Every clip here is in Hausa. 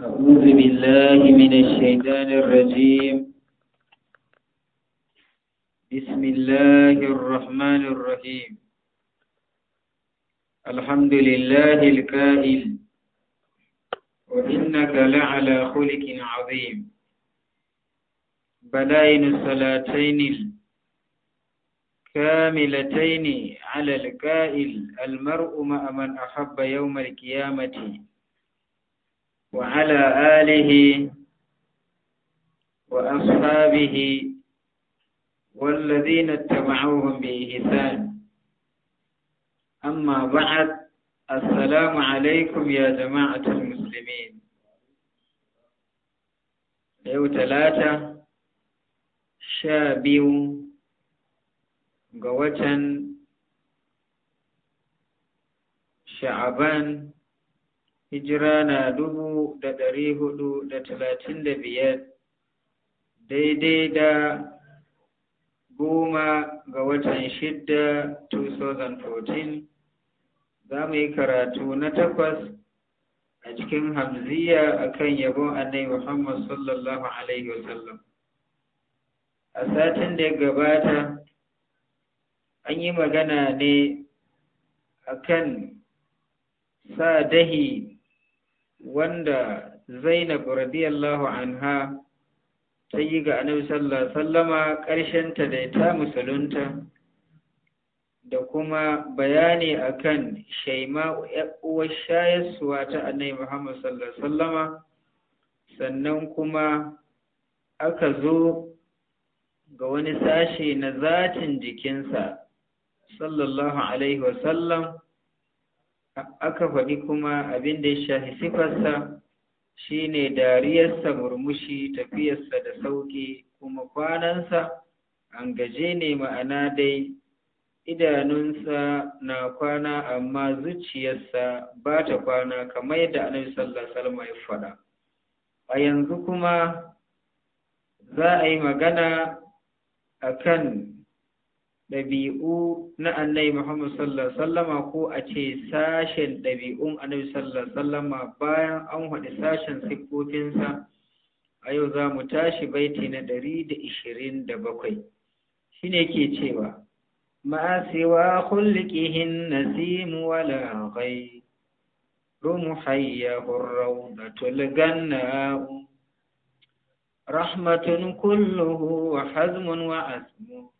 أعوذ بالله من الشيطان الرجيم بسم الله الرحمن الرحيم الحمد لله الكائل وإنك لعلى خلق عظيم بدائن الصلاتين الكاملتين على الكائل المرء مع من أحب يوم القيامة وعلى آله وأصحابه والذين اتبعوهم بإحسان أما بعد السلام عليكم يا جماعة المسلمين يوم ثلاثة شابيو ga شعبان hijira na dubu da ɗari hudu da talatin da biyar daidai da goma ga watan shidda 2014 za mu yi karatu na takwas a cikin hamziya akan yabon annai Muhammad sallallahu Alaihi wasallam. A satin da ya gabata an yi magana ne akan sa dahi wanda Zainab radiyallahu anha ta yi ga Annabi sallallahu alaihi wasallama ƙarshen ta da ta musulunta da kuma bayani akan Shaima'u uwar shayarsuwa ta Annabi Muhammad sallallahu alaihi wasallama sannan kuma aka zo ga wani sashe na zatin jikinsa sallallahu alaihi wasallam aka faɗi kuma abin da ya shafi sifarsa shine dariyarsa murmushi tafiyarsa da sauƙi kuma kwanansa an gaje ne ma'ana dai idanunsa na kwana amma zuciyarsa ba ta kwana kamar yadda annabi sallallahu alaihi wasallam ya faɗa a yanzu kuma za a yi magana akan ɗabi'u na annabi Muhammad sallallahu alaihi sallama ko a ce sashen ɗabi'un annabi sallallahu alaihi sallama bayan an haɗe sashen siffofinsa a yau za mu tashi baiti na ɗari da ishirin da bakwai shi ne ke cewa ma'asiwa kullikihin nasimu wala ghai rumu hayyahu rawdatul ganna'u rahmatun kulluhu wa hazmun wa asmu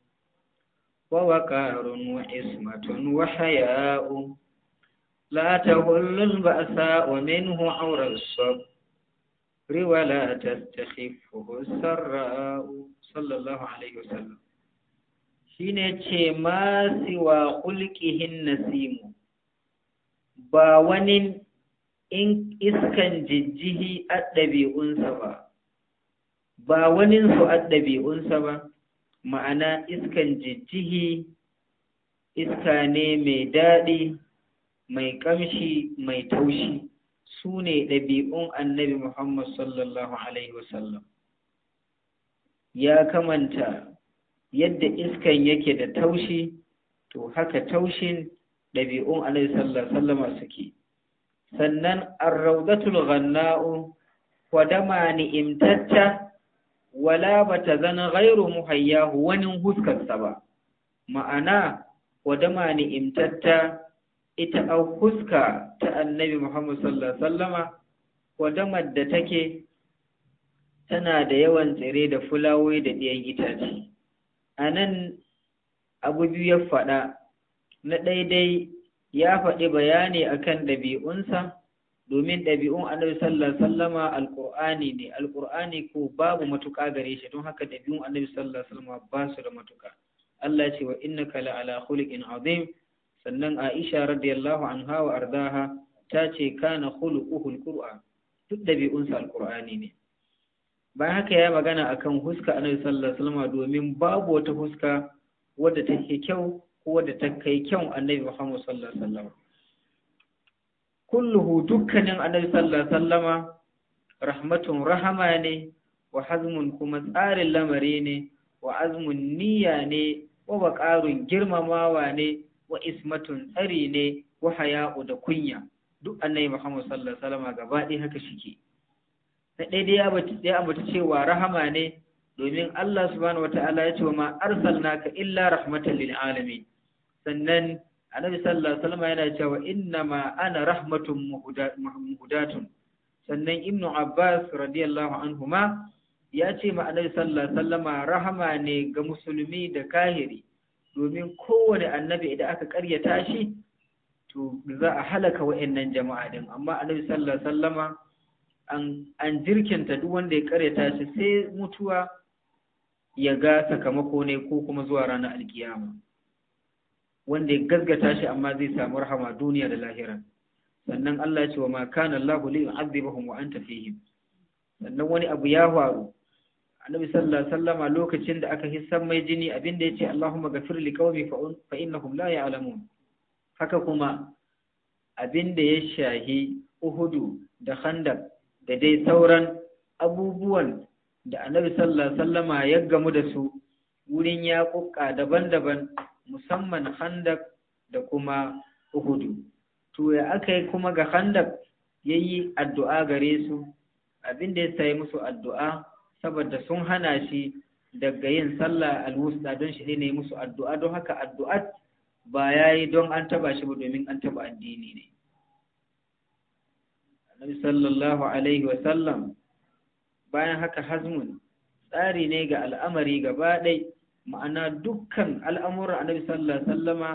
ووقار وعصمة وحياء لا تهل البأساء منه عور الصبر ولا تستخفه السراء صلى الله عليه وسلم shine ce ma siwa nasimu ba wani iskan jijjihi a ɗabi'unsa ba ba waninsu a ba ma'ana iskan jijjihi iska ne mai daɗi mai ƙamshi mai taushi su ne ɗabi'un annabi Muhammad sallallahu Alaihi wasallam ya kamanta yadda iskan yake da taushi to haka taushin ɗabi'un Annabi Sallallahu alaihi wasallama suke sannan arraudatul ghanna'u kwadama ni'imtacca wala ba ta zana ghairu muhayyahu wani huskarsa ba ma'ana wadama ni'imtatta ita a huska ta annabi Muhammad sallallahu alaihi wasallama wadamar da take tana da yawan tsire da fulawai da ɗiyan itace a nan abu biyu ya faɗa na daidai ya faɗi bayani akan ɗabi'unsa domin ɗabi'un annabi sallallahu alaihi wasallama alqur'ani ne alqur'ani ko babu matuƙa gare shi don haka ɗabi'un annabi sallallahu alaihi wasallama ba su da matuƙa Allah ce wa innaka ala khuluqin azim sannan Aisha radiyallahu anha wa ardaha ta ce kana khuluquhu alqur'an duk sa alqur'ani ne bayan haka ya magana akan huska annabi sallallahu alaihi wasallam domin babu wata huska wadda take kyau ko wadda ta kai kyau annabi Muhammad sallallahu alaihi wasallam kulluhu dukkanin annabi sallallahu alaihi rahmatun rahama ne wa hazmun kuma tsarin lamari ne wa azmun niyya ne wa baƙarun girmamawa ne wa ismatun tsari ne wa haya'u da kunya duk annabi Muhammad sallallahu alaihi sallama gaba ɗaya haka shike na ɗaya dai ya ambata cewa rahama ne domin Allah subhanahu wataala ya ce wa ma arsalnaka illa rahmatan lil alamin sannan annabi sallallahu alaihi wasallam yana cewa inna ma ana rahmatun muhdatun sannan ibnu abbas radiyallahu ma, ya ce ma annabi sallallahu alaihi wasallam rahama ne ga musulmi da kahiri domin kowane annabi idan aka karyata shi to za a halaka wa'annan jama'a din amma annabi sallallahu alaihi wasallam an jirkinta duk wanda ya karyata shi sai mutuwa ya ga sakamako ne ko kuma zuwa ranar alkiyama wanda ya gaskata shi amma zai samu rahama duniya da lahira sannan Allah ya ce wa ma kana Allahu li yu'adhibahum wa anta fihim sannan wani abu ya faru annabi sallallahu alaihi wasallama lokacin da aka hissan mai jini abinda yace Allahumma ghafir li qaumi fa innahum la ya'lamun haka kuma abinda ya shahi Uhudu da Khandaq da dai sauran abubuwan da annabi sallallahu alaihi wasallama ya gamu da su wurin ya ƙuƙa daban-daban musamman handak da kuma uhudu to ya aka yi kuma ga handak ya yi addu'a gare su abin da ya sayi musu addu'a saboda sun hana shi daga yin sallah alwusta don shi ne musu addu'a don haka addu'a ba ya yi don an taba shi ba domin an taba addini ne annabi sallallahu alaihi wa sallam, bayan haka hazmun tsari ne ga al'amari gaba ɗaya. ma'ana dukkan al'amuran annabi sallallahu alaihi wasallama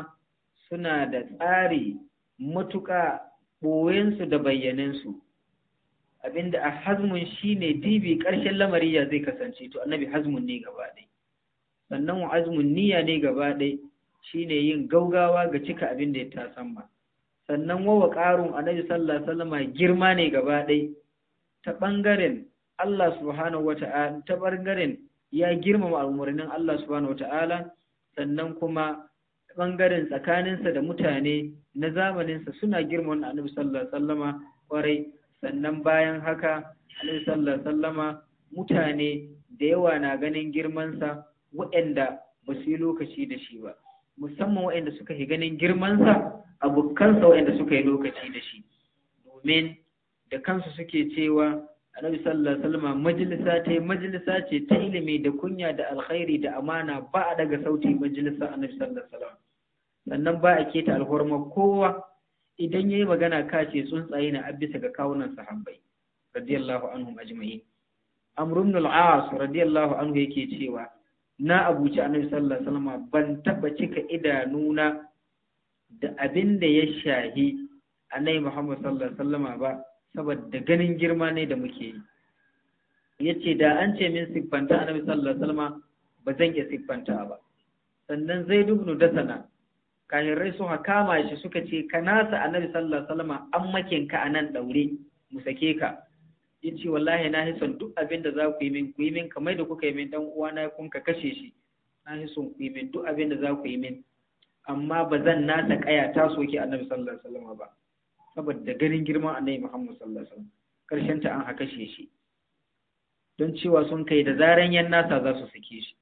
suna da tsari matuƙa ɓoyensu da bayyanensu abinda a hazmun shine dibi ƙarshen lamari ya zai kasance to annabi hazmun ne gaba ɗaya sannan wa azmun niyya ne gaba ɗaya shine yin gaugawa ga cika abinda ya ya tasamma sannan wawa ƙarun annabi sallallahu alaihi wasallama girma ne gaba ɗaya ta ɓangaren Allah subhanahu wata'ala ta ɓangaren ya girmama umarnin Allah subhanahu wata'ala sannan kuma bangaren tsakaninsa da mutane na zamaninsa suna girmama annabi sallallahu alaihi wasallama kwarai sannan bayan haka annabi sallallahu alaihi wasallama mutane da yawa na ganin girmansa waɗanda ba su yi lokaci da shi ba musamman waɗanda suka yi ganin girmansa abokansa waɗanda suka yi lokaci da shi domin da kansu suke cewa annabi sallallahu alaihi wasallam majalisa ta majalisa ce ta ilimi da kunya da alkhairi da amana ba a daga sauti majalisa annabi sallallahu alaihi wasallam sannan ba a keta alhurma kowa idan yayi magana ka ce tsuntsaye na abisa ga kawunan sahabbai radiyallahu anhum ajma'in amr ibn al-as radiyallahu anhu yake cewa na abuci annabi sallallahu alaihi wasallam ban taba cika idanuna da abin da ya shahi annabi muhammad sallallahu alaihi wasallam ba saboda ganin girma ne da muke yi yace da an ce min siffanta annabi sallallahu alaihi wasallam ba zan iya siffanta ba sannan zaid ibn dasana kahirai sun kama shi suka ce ka nasa annabi sallallahu alaihi wasallam an makin ka anan daure mu sake ka yace wallahi na hisan duk abin da za ku yi min ku yi min kamar da kuka yi min dan uwana kun ka kashe shi na hisan ku yi min duk abin da za ku yi min amma ba zan nasa kaya ta soke annabi sallallahu alaihi wasallam ba saboda ganin girman annabi Muhammad sallallahu alaihi wasallam karshen ta an haka shi don cewa sun kai da zaran yan nasa za su sake shi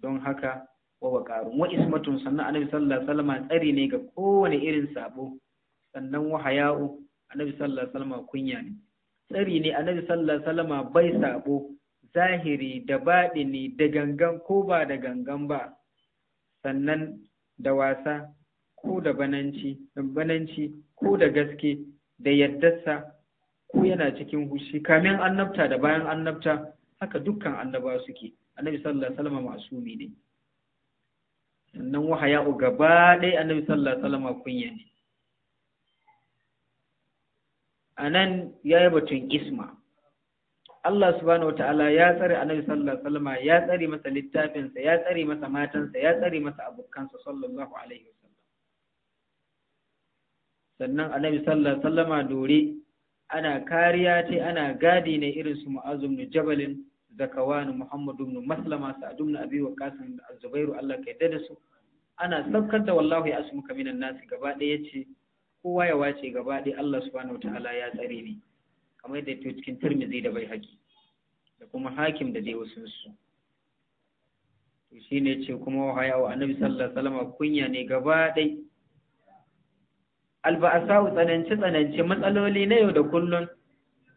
don haka wa waqarun wa ismatun sannan annabi sallallahu alaihi wasallam tsari ne ga kowane irin sabo sannan wa haya'u annabi sallallahu alaihi wasallam kunya ne tsari ne annabi sallallahu alaihi wasallam bai sabo zahiri da baɗini da gangan ko ba da gangan ba sannan da wasa ko da bananci bananci ko da gaske da yaddarsa ko yana cikin hushi kamin annabta da bayan annabta haka dukkan annaba suke annabi sallallahu alaihi wasallam masumi ne sannan wahaya gaba ɗaya annabi sallallahu alaihi wasallam kunya ne anan yayi batun isma Allah subhanahu wataala ya tsare annabi sallallahu alaihi wasallam ya tsare masa littafinsa ya tsare masa matansa ya tsare masa abokansa sallallahu alaihi wasallam sannan annabi sallallahu alaihi wasallama dore ana kariya ce ana gadi ne irin su mu'azu ibn jabalin zakawani muhammadu ibn maslama sa'ad ibn abi waqas az zubairu Allah ka yadda da su ana sabkanta wallahi asmuka minan nasi gaba ɗaya yace kowa ya wace gaba ɗaya Allah subhanahu wataala ya tsare ni kamar yadda yake cikin Tirmidhi da Baihaqi da kuma Hakim da dai wasu su to shine yace kuma wahaya wa Annabi sallallahu alaihi wasallama kunya ne gaba ɗaya alba'asa'u tsananci tsananci matsaloli na yau da kullun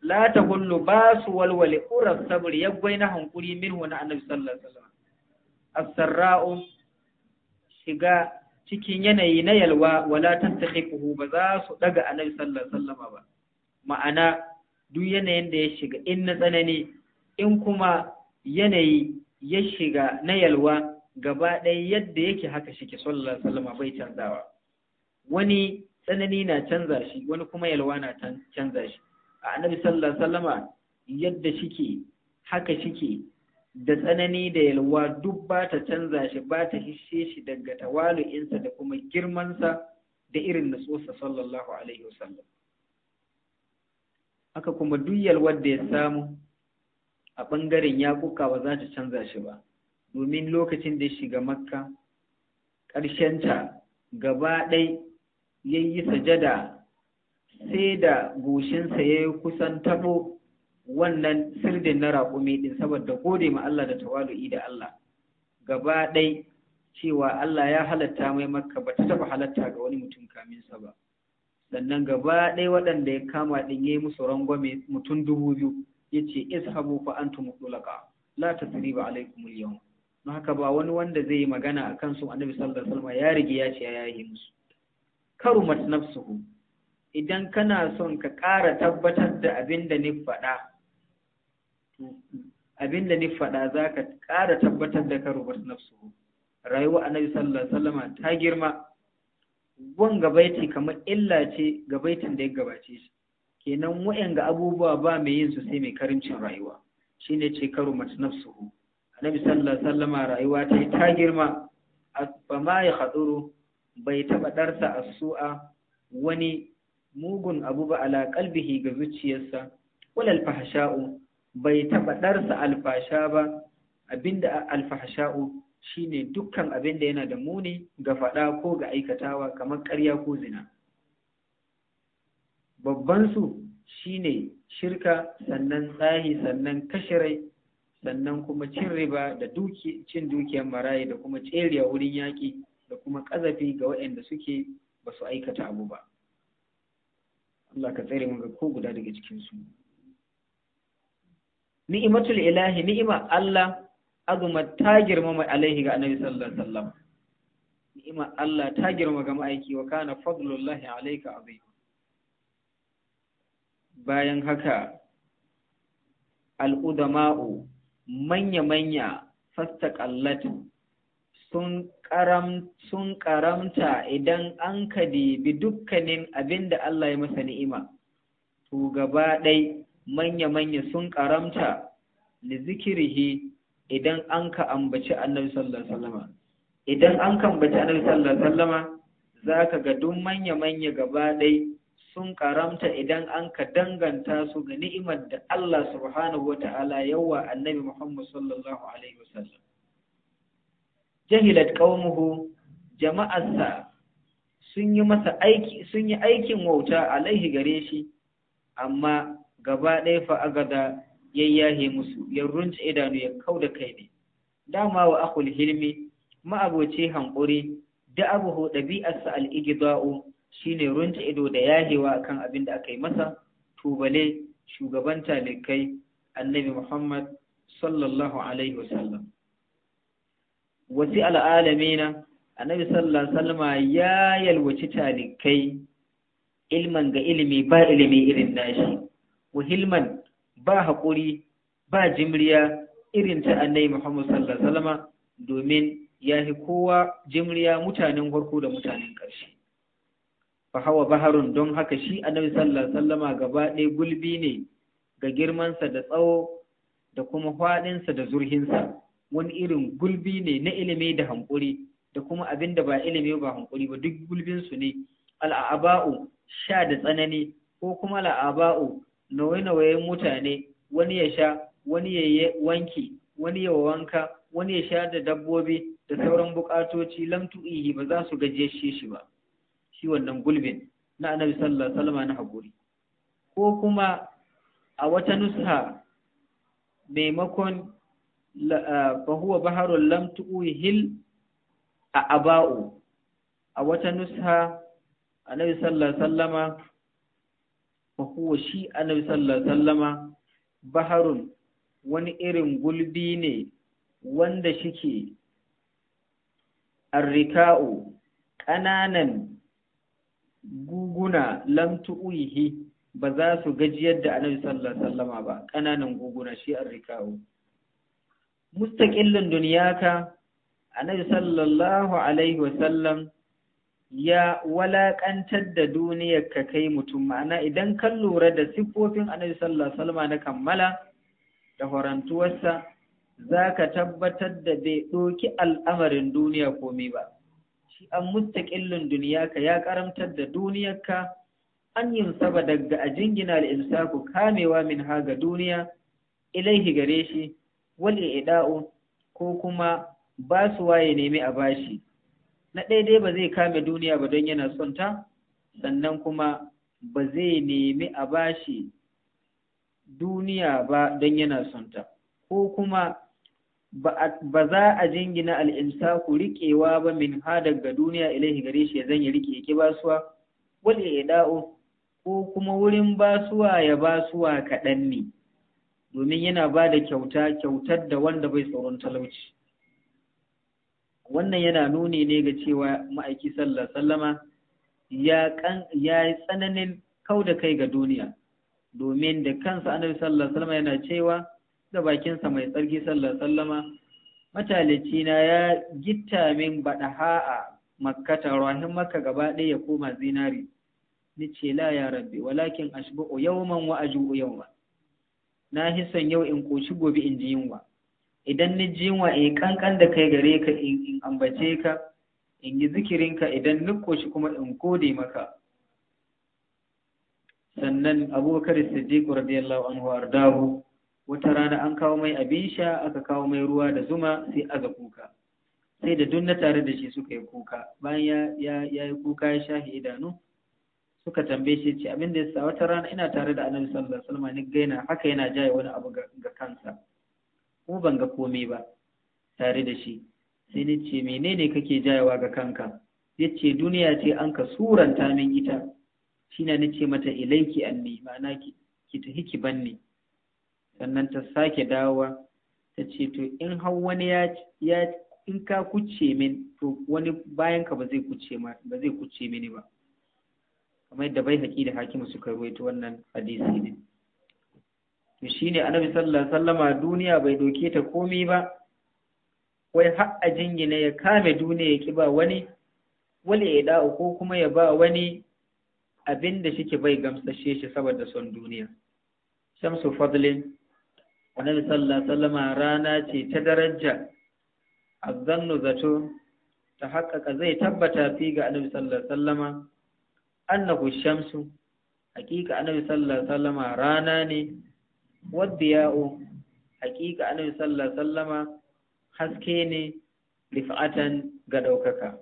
la ta kullu ba su walwale sabir ya gwai na hankuri min wani annabi sallallahu alaihi wasallam shiga cikin yanayi na yalwa wala tattaqiquhu ba za su daga annabi sallallahu alaihi wasallam ba ma'ana duk yanayin da ya shiga in na tsanani in kuma yanayi ya shiga na yalwa gaba ɗaya yadda yake haka shike sallallahu alaihi wasallam bai canzawa wani tsanani na canza shi wani kuma yalwa na canza shi a annabi sallallahu alaihi wasallama yadda shike haka shike da tsanani da yalwa duk ba ta canza shi ba ta hishe shi daga tawalu'insa da kuma girmansa da irin nutsosa sallallahu alaihi wasallam haka kuma duk yalwar da ya samu a ɓangaren yaƙuka ba za ta canza shi ba domin lokacin da ya shiga makka ƙarshenta gaba ɗaya. ya yi sajada sai da goshinsa ya yi kusan tabo wannan sirdin na raƙumi ɗin saboda gode ma Allah da tawalu'i da Allah gaba ɗai cewa Allah ya halatta mai makka ba ta taɓa halatta ga wani mutum kaminsa ba sannan gaba ɗai waɗanda ya kama ɗin ya yi musu rangwame mutum dubu biyu ya ce ishabu fa tumu mutulaka la ba, alaikum yau Na haka ba wani wanda zai yi magana a kansu annabi sallallahu alaihi wasallam ya rige ya ce ya yi musu karumat nafsuhu idan kana son ka ƙara tabbatar da abin da ni faɗa abin da ni faɗa za ka ƙara tabbatar da karumat nafsuhu rayuwa annabi sallallahu alaihi wasallam ta girma wanga baiti kamar illa ce ga baitin da ya gabace shi kenan wa'yanga abubuwa ba mai yin su sai mai karimcin rayuwa shine ce karumat nafsuhu annabi sallallahu alaihi wasallama rayuwa ta ta girma ba ma ya haduru bai taɓa ɗarsa a su'a wani mugun abu ba ala kalbihi ga zuciyarsa walal fahasha'u bai taɓa ɗarsa alfasha ba abinda alfahasha'u shine dukkan abinda yana da muni ga faɗa ko ga aikatawa kamar ƙarya ko zina babban su shine shirka sannan tsahi sannan kashirai sannan kuma cin riba da cin dukiyar marayi da kuma tseriya wurin yaƙi da kuma ƙazafi ga waɗanda suke ba su aikata abu ba Allah ka tsare mu ga ko guda daga cikinsu ni'imatul ilahi ni'ima Allah azuma ta girmama alaihi ga annabi sallallahu alaihi wasallam ni'ima Allah ta girma ga ma'aiki wa kana fadlullahi alayka azim bayan haka al'udama'u manya-manya fastaqallatu sun karamta idan an ka dibi dukkanin abin da Allah ya masa ni'ima to gaba ɗai manya-manya sun karamta da zikirihi idan an ka ambaci annabi sallallahu alaihi idan an ka ambaci annabi sallallahu alaihi za zaka ga duk manya-manya gaba ɗai sun karamta idan an ka danganta su ga ni'imar da Allah subhanahu wa ta'ala yawa annabi Muhammad sallallahu alaihi wasallam jahilat qaumuhu jama'atsa sun yi masa aiki sun yi aikin wauta alaihi gare shi amma gaba ɗaya fa agada yayyahe musu ya runce idanu ya kau da kai ne dama wa akul hilmi aboce hankuri da abuhu al al'igida'u shine runce ido da yahewa kan abin da aka yi masa tubale shugaban talikai annabi muhammad sallallahu alaihi wasallam wasi al'alamina annabi sallallahu alaihi wasallam ya yalwaci talikai ilman ga ilimi ba ilimi irin nashi wa ba haƙuri ba jimriya irin ta annabi Muhammad sallallahu alaihi wasallam domin ya fi kowa jimriya mutanen farko da mutanen ƙarshe fa hawa baharun don haka shi annabi sallallahu alaihi gaba ɗaya gulbi ne ga girmansa da tsawo da kuma faɗinsa da zurhinsa wani irin gulbi ne na ilimi da hankuri da kuma abin da ba ilimi ba hankuri ba duk gulbin su ne al'aba'u sha da tsanani ko kuma al'aba'u nauye-nauyen mutane wani ya sha wani ya wanki wani ya wanka wani ya sha da dabbobi da sauran bukatoci lamtu, ba za su gaje shi ba shi wannan gulbin na annabi sallallahu alaihi na hakuri ko kuma a wata nusa maimakon fa huwa baharun lam tu'hil a aba'u a wata nusha annabi sallallahu sallama fa huwa shi annabi sallallahu sallama baharun wani irin gulbi ne wanda shike arrika'u ƙananan guguna lam tu'uhi ba za su gaji yadda annabi sallallahu sallama ba ƙananan guguna shi arrika'u mustaqillin duniyaka annabi sallallahu alaihi wasallam ya walaƙantar da duniyar ka kai mutum ma'ana idan kan lura da siffofin annabi sallallahu alaihi wasallam na kammala da horantuwarsa za ka tabbatar da bai ɗoki al'amarin duniya komai ba shi an mustaƙillin duniyaka ya karamtar da duniyarka an yin saba daga a jingina al'imsaku kamewa min haga duniya ilaihi gare shi wal i'da'u ko kuma ba su waye nemi a bashi na daidai ba zai kame duniya ba don yana son ta sannan kuma ba zai nemi a bashi duniya ba don yana son ta ko kuma ba za a jingina al'imsa ku riƙewa ba min ha daga duniya ilaihi gare shi zan yi riƙe ki basuwa wal i'da'u ko kuma wurin basuwa ya basuwa kaɗan ne domin yana ba da kyauta kyautar da wanda bai tsoron talauci wannan yana nuni ne ga cewa ma'aiki sallar sallama ya yi tsananin kau da kai ga duniya domin da kansa annabi sallar sallama yana cewa da bakinsa mai tsarki sallar sallama matalici na ya gita min baɗa ha'a makkata rahim maka gaba ɗaya ya koma zinari ni ce la ya rabbi walakin ashbu'u yawman wa aju'u yawman na fi son yau in koci gobe in ji yunwa idan ni ji yunwa in eh, kankan da kai gare ka in ambace ka in yi zikirinka idan ni koci kuma in gode maka sannan abubakar siddiq radiyallahu anhu ardahu wata rana an kawo mai abin sha aka kawo mai ruwa da zuma sai aza kuka sai da duk na tare da shi suka yi kuka bayan ya yi kuka ya shafi idanu suka tambaye shi ce abin da ya sa wata rana ina tare da annabi sallallahu alaihi wasallam ni gaina haka yana jaye wani abu ga kansa ko ban ga komai ba tare da shi sai ni ce menene kake jayewa ga kanka yace duniya ce an ka suranta min ita shine ni ce mata ilaiki anni ma'ana ki ki tafi ki banni sannan ta sake dawowa ta ce to in har wani ya in ka kuce min to wani bayan ka ba zai kuce ma ba zai kuce mini ba kamar yadda bai haƙi da hakimu suka ruwaito wannan hadisi ne to shine annabi sallallahu alaihi wasallama duniya bai doke ta komai ba wai har a jingina ya kame duniya ya ki ba wani wale ya da ko kuma ya ba wani abin da shike bai gamsashe shi saboda son duniya shamsu fadlin annabi sallallahu alaihi wasallama rana ce ta daraja azzannu zato ta haƙƙaƙa zai tabbata fi ga annabi sallallahu alaihi wasallama annahu shamsu haƙiƙa annabi sallallahu alaihi wasallama rana ne wadda ya'o haƙiƙa annabi sallallahu alaihi wasallama haske ne rifa'atan ga ɗaukaka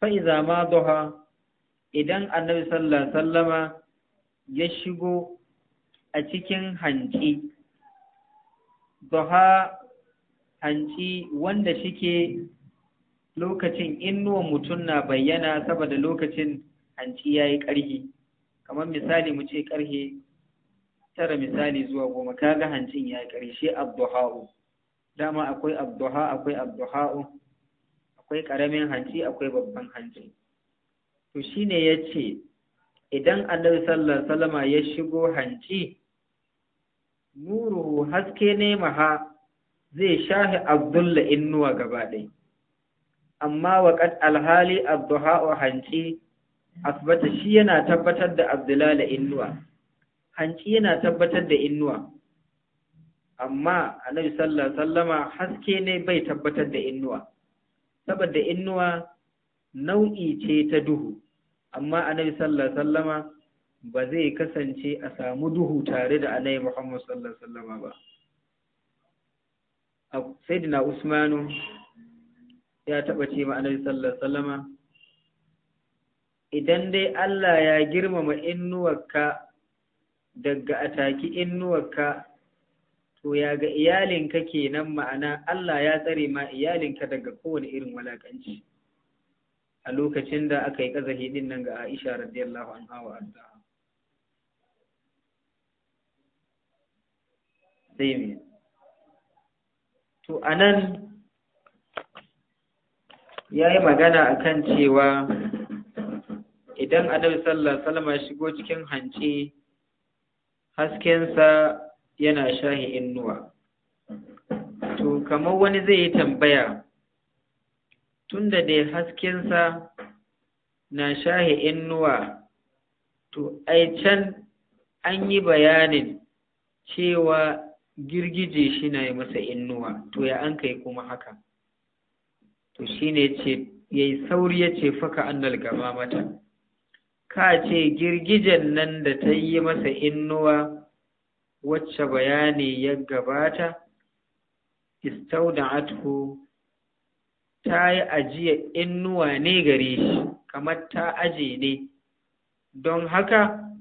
fa iza ma duha idan annabi sallallahu alaihi wasallama ya shigo a cikin hanci duha hanci wanda shike lokacin innuwan mutum na bayyana saboda lokacin hanci ya yi ƙarhi kamar misali mu ce ƙarhe tara misali zuwa goma kaga hancin ya yi ƙarhi abduha'u dama akwai abduha akwai abduha'u akwai ƙaramin hanci akwai babban hanci to shine ya ce idan annabi sallallahu Salama ya shigo hanci nuru haske ne maha zai shahi abdulla innuwa gaba ɗaya amma waƙad alhali abduha'u hanci asbata shi yana tabbatar da abdulala innuwa hanci yana tabbatar da innuwa amma annabi sallallahu alaihi sallama haske ne bai tabbatar da innuwa saboda innuwa nau'i ce ta duhu amma annabi sallallahu alaihi sallama ba zai kasance a samu duhu tare da annabi muhammad sallallahu alaihi sallama ba sayyidina usmanu ya taɓa ce ma alaihi sallallahu sallama idan dai Allah ya girmama innuwarka daga ataki innuwarka to ya ga iyalinka kenan ma'ana Allah ya tsare ma iyalinka daga kowane irin walakanci a lokacin da aka yi kazahi din nan ga Aisha radiyallahu anha wa arda sai me to anan ya yi magana a kan cewa idan annabi sallallahu salama shigo cikin hanci haskensa yana shahi innuwa to kamar wani zai yi tambaya tunda da haskensa na shahi innuwa to ai can an yi bayanin cewa girgije shi na yi masa innuwa to ya an kai kuma haka to shi ce ya yi sauri ya ce faka an gama mata ka ce girgijen nan da ta yi masa innuwa wacce bayani ya gabata Atku ta yi ajiya innuwa ne gare shi kamar ta aje ne don haka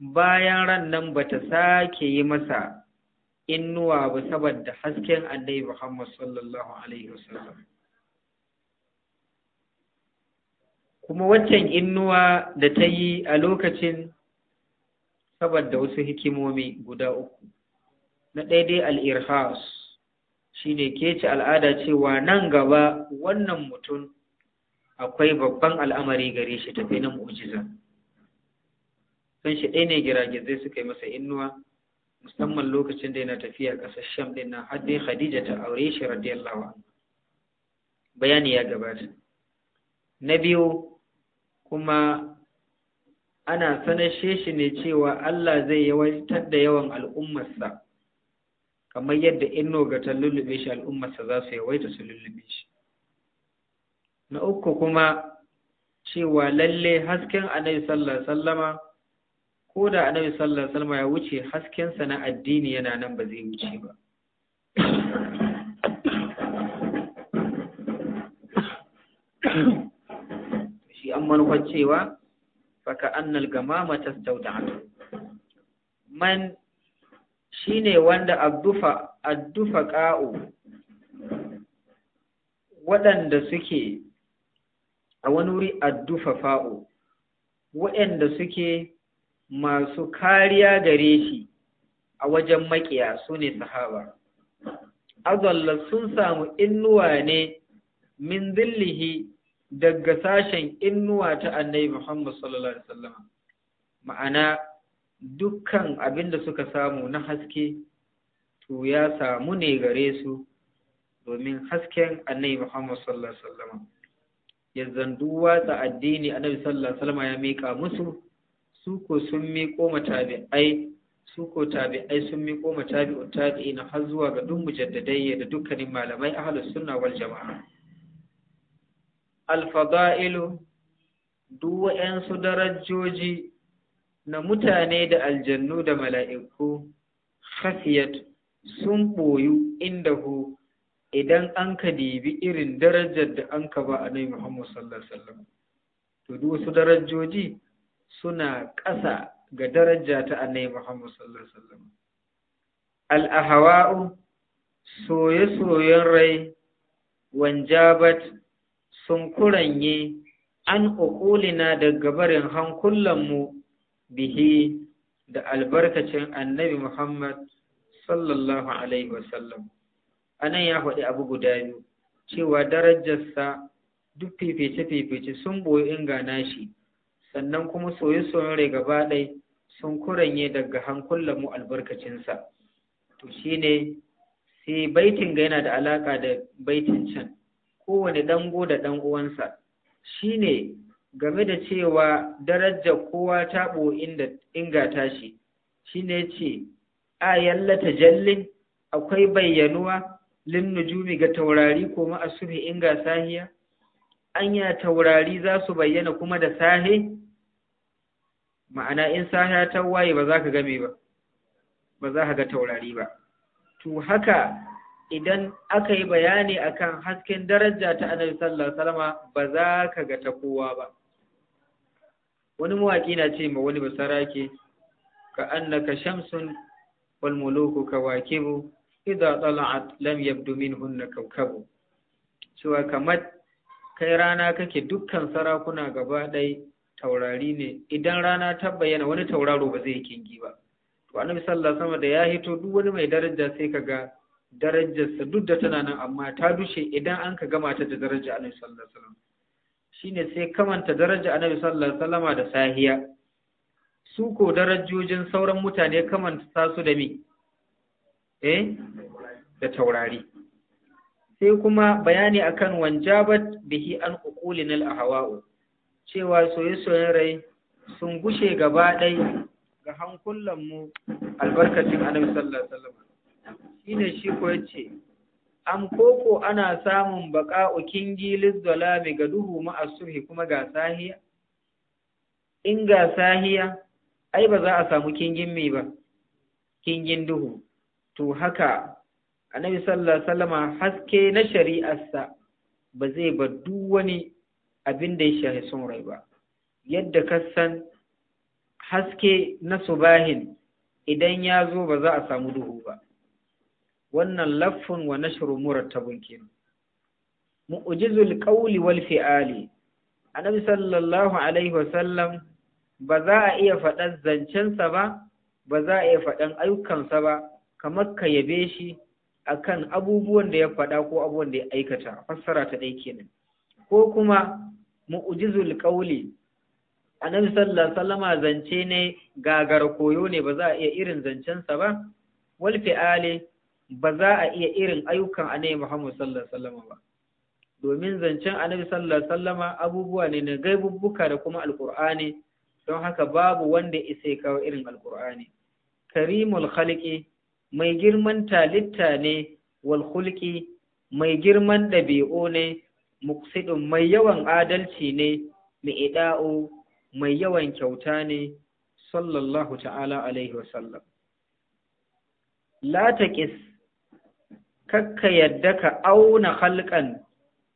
bayan ran nan bata sake yi masa innuwa ba saboda hasken annabi Muhammad sallallahu alaihi wasallam kuma waccan innuwa da ta yi a lokacin saboda wasu hikimomi guda uku na ɗaya dai al'irhas shi ne ci al'ada cewa nan gaba wannan mutum akwai babban al'amari gare shi tafi nan mu'jiza don shi ɗaya ne giragizai suka yi masa innuwa musamman lokacin da yana tafiya ƙasar sham ɗin nan har dai khadija ta aure shi radiyallahu bayani ya gabata na biyu kuma ana sanashe shi ne cewa Allah zai yawaitar da yawan al'ummarsa kamar yadda inno ga ta lullube shi al'ummarsa za su yawaita su lullube shi na uku kuma cewa lalle hasken annabi sallallahu sallama ko da annabi sallallahu sallama ya wuce haskensa na addini yana nan ba zai wuce ba akan manufar cewa faka annal gamama tastauda'atu man shi ne wanda addufa addufa waɗanda suke a wani wuri addufa fa'o waɗanda suke masu kariya gare shi a wajen makiya su ne sahaba azalla sun samu innuwa ne min zillihi daga sashen innuwa ta annabi Muhammad sallallahu alaihi wasallam ma'ana dukkan abin da suka samu na haske to ya samu ne gare su domin hasken annabi Muhammad sallallahu alaihi wasallam yanzu duk watsa addini annabi sallallahu alaihi wasallam ya mika musu su ko sun miƙo matabi'ai su ko tabi'ai sun miƙo matabi'u tabi'ina har zuwa ga duk mujaddadai da dukkanin malamai ahlus sunna wal jama'a alfada'ilu duk waɗansu darajoji na mutane da aljannu da mala'iku khafiyat sun ɓoyu inda hu idan an ka dibi irin darajar da an ka ba a nai Muhammad sallallahu Alaihi wasallam. To, duk wasu darajoji suna ƙasa ga daraja ta annai Muhammad sallallahu Alaihi wasallam. Al'ahawa'u soye-soyen rai wanjabat sun kuranye an ukulina daga barin hankulanmu bihi da albarkacin annabi Muhammad sallallahu Alaihi wasallam. A nan ya faɗi abu guda biyu, cewa darajarsa duk fifice-fifice sun boyi ingana shi, sannan kuma soye-soyen rai gaba ɗai sun kuranye daga hankulanmu albarkacinsa. To shi ne, sai baitin ga yana da alaƙa da baitin can. kowane dango da ɗan uwansa shine game da cewa darajar kowa ta ɓo inda inga tashi shine ce a yallata jallin akwai bayyanuwa lin nujumi ga taurari ko ma asubi inga sahiya anya taurari za su bayyana kuma da sahi? ma'ana in sahiya ta waye ba za ka game ba ba za ka ga taurari ba to haka idan aka yi bayani akan hasken daraja ta annabi sallallahu alaihi wasallama ba za ka ga ta kowa ba wani mawaƙi na ce ma wani basarake ka annaka shamsun wal muluku kawakibu idza tala'at lam yabdu minhunna kawkabu cewa kamar kai rana kake dukkan sarakuna gaba ɗaya taurari ne idan rana ta bayyana wani tauraro ba zai kingi ba to annabi sallallahu da ya hito duk wani mai daraja sai ka ga. darajarsa duk da tana nan amma ta dushe idan an ka gama ta da daraja annabi sallallahu alaihi wasallam shine sai kamanta daraja annabi sallallahu alaihi wasallama da sahiya su ko darajojin sauran mutane kamanta su da me eh da taurari sai kuma bayani akan wanjabat bihi an uqulinal ahwa'u cewa soyayyen rai sun gushe gaba ɗaya ga mu albarkacin annabi sallallahu alaihi wasallam shine shi ko yace am koko ana samun baka'u kingi lizzalami ga duhu asuhi kuma ga sahiya in ga sahiya ai ba za a samu kingin me ba kingin duhu to haka annabi sallallahu alaihi wasallama haske na shari'arsa ba zai ba duk wani abin da ya shahi son rai ba yadda ka san haske na subahin idan ya zo ba za a samu duhu ba wannan laffun wa nashru murattabun kenan mu'jizul qawli wal fi'ali annabi sallallahu alaihi wa ba za a iya faɗan zancensa ba ba za a iya faɗan ayyukansa ba kamar ka yabe shi akan abubuwan da ya faɗa ko abubuwan da ya aikata fassara ta ɗaya kenan ko kuma mu'jizul qawli annabi sallallahu alaihi wasallama zance ne gagara koyo ne ba za a iya irin zancensa ba wal fi'ali ba za a iya irin ayyukan annabi Muhammad sallallahu alaihi ba domin zancen annabi sallallahu alaihi abubuwa ne na gaibubbuka da kuma alqur'ani don haka babu wanda isa kawo irin alqur'ani karimul khaliqi mai girman talitta ne wal khulqi mai girman dabi'u ne muqsidun mai yawan adalci ne mi'ida'u mai yawan kyauta ne sallallahu ta'ala alaihi wasallam la taqis kakka yadda ka auna halkan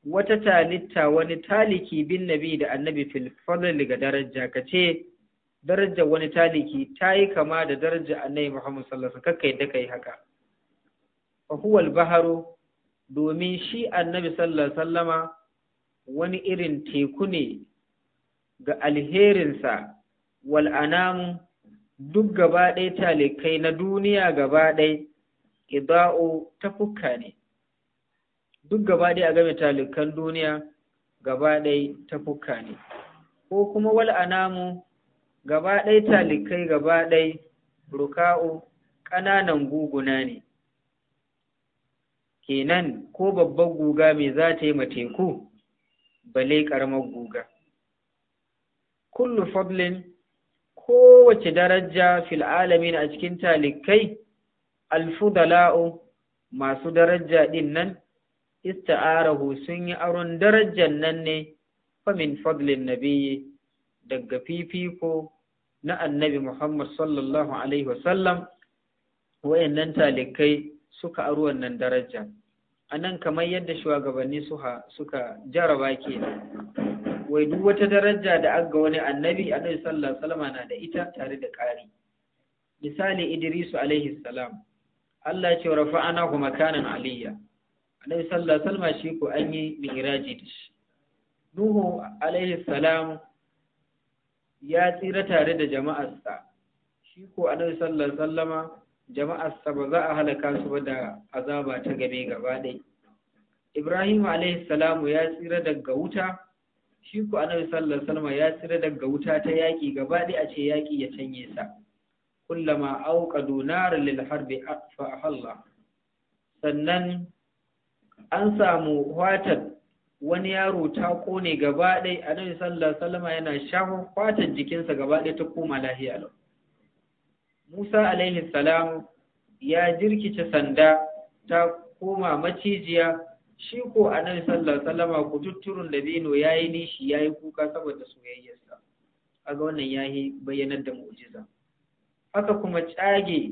wata talitta wani taliki bin nabi da annabi fil fadli ga daraja ka ce daraja wani taliki ta yi kama da daraja annabi muhammad sallallahu alaihi wasallam kakka yadda ka yi haka fa huwa al-baharu domin shi annabi sallallahu alaihi wasallama wani irin teku ne ga alherinsa wal anamu duk gaba ɗaya talikai na duniya gaba ɗaya iba'u tafukka ne duk gaba ɗaya a game talikan duniya gaba ɗaya tafukka ne ko kuma wal anamu gaba ɗaya talikai gaba ɗaya ruka'u ƙananan guguna ne kenan ko babban guga mai za ta yi teku? bale ƙaramar guga kullu fadlin kowace daraja fil a cikin talikai alfudala'u masu daraja din nan ista'arahu sun yi auren darajar nan ne famin fadlin nabiyyi daga fifiko na annabi Muhammad sallallahu Alaihi wasallam wayannan talikai suka aro wannan daraja a nan kamar yadda shugabanni suka jaraba ke wai duk wata daraja da aga wani annabi alaihi sallallahu alaihi wasallam na da ita tare da ƙari misali Idrisu alaihi salam Allah ya ce ana ku kanan aliyya annabi sallallahu alaihi wasallam shi ko an yi mi'raji da shi Nuhu alaihi salam ya tsira tare da jama'arsa shi ko annabi sallallahu alaihi wasallama jama'arsa ba za a halaka su ba da azaba ta game gaba ɗaya Ibrahim alaihi salam ya tsira daga wuta shi ko annabi sallallahu alaihi wasallam ya tsira daga wuta ta yaki gaba ɗaya a ce yaki ya canye sa kullama auqadu narin lil harbi fa ahalla sannan an samu watan wani yaro ta kone gaba a nan sallallahu alaihi yana shafin fatan jikinsa gaba ɗaya ta koma lahiya lau Musa alaihi salam ya jirkice sanda ta koma macijiya shi ko annabi sallallahu alaihi wasallam ku tutturun da bino yayi nishi yayi kuka saboda soyayyarsa kaga wannan yayi bayyanar da mu'jiza aka kuma tsage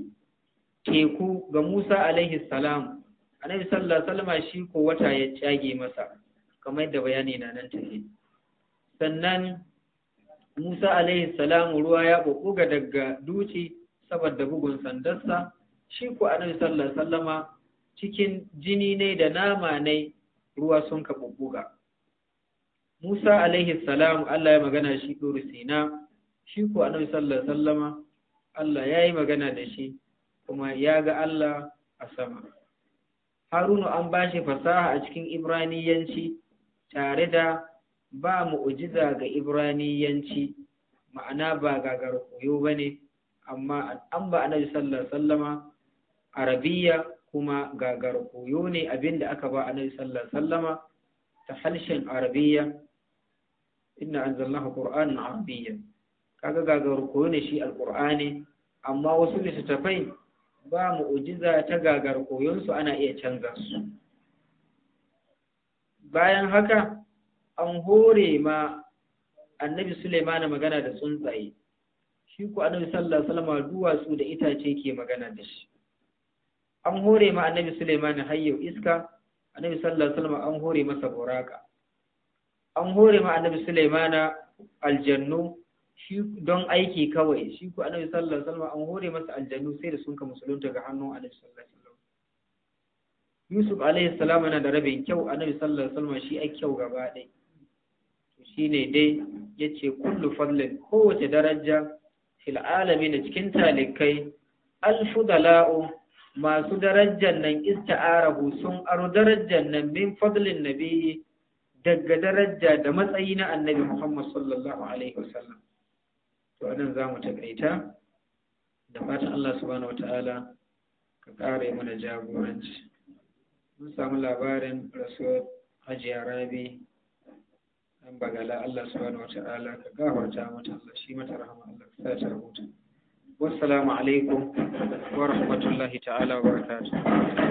teku ga Musa alaihi salam annabi sallallahu alaihi wasallam shi ko wata ya tsage masa kamar da bayani na nan tafi sannan Musa alaihi salam ruwa ya bubuga daga duci saboda bugun sandarsa shi ko annabi sallallahu alaihi wasallama cikin jini ne da nama ne ruwa sun ka bubuga Musa alaihi salam Allah ya magana shi ɗori sina shi ko annabi sallallahu alaihi wasallama Allah ya yi magana da shi kuma ya ga Allah a sama. Harunu an ba shi fasaha a cikin Ibraniyanci tare da ba mu'ujiza ga Ibraniyanci ma'ana ba gagar koyo ba ne, amma an ba annabi sallallahu sallama arabiya kuma gagar koyo ne abinda aka ba annabi sallallahu sallama ta harshen arabiya inna anzalnahu qur'anan arabiyyan kaga ga koyo ne shi alqur'ani amma wasu littattafai ba mu'ujiza ta gagar koyon su ana iya canza su bayan haka an hore ma annabi Suleiman magana da tsuntsaye shi ku annabi sallallahu alaihi wasallam duwatsu da itace ke magana da shi an hore ma annabi Suleiman hayyau iska annabi sallallahu alaihi wasallam an hore masa buraka an hore ma annabi Suleiman aljannu shi don aiki kawai shi ku annabi sallallahu alaihi wasallam an hore masa aljannu sai da sun ka musulunta ga hannun annabi sallallahu alaihi wasallam Yusuf alaihi salam yana da rabin kyau annabi sallallahu alaihi wasallam shi ai kyau gaba ɗaya to shine dai yace kullu fadlin kowace daraja fil alamin cikin talikai alfu dala'u masu darajar nan ista'arahu sun aro darajar nan min fadlin nabiyyi daga daraja da matsayi na annabi Muhammad sallallahu alaihi wasallam to anan za mu takaita da fatan Allah subhanahu wata'ala ka ƙara mana jagoranci mun samu labarin rasuwar hajiya arabi an bagala Allah subhanahu wata'ala ka gafarta mata Allah shi mata rahama Allah ka sa ta wassalamu alaikum wa rahmatullahi ta'ala wa barakatuh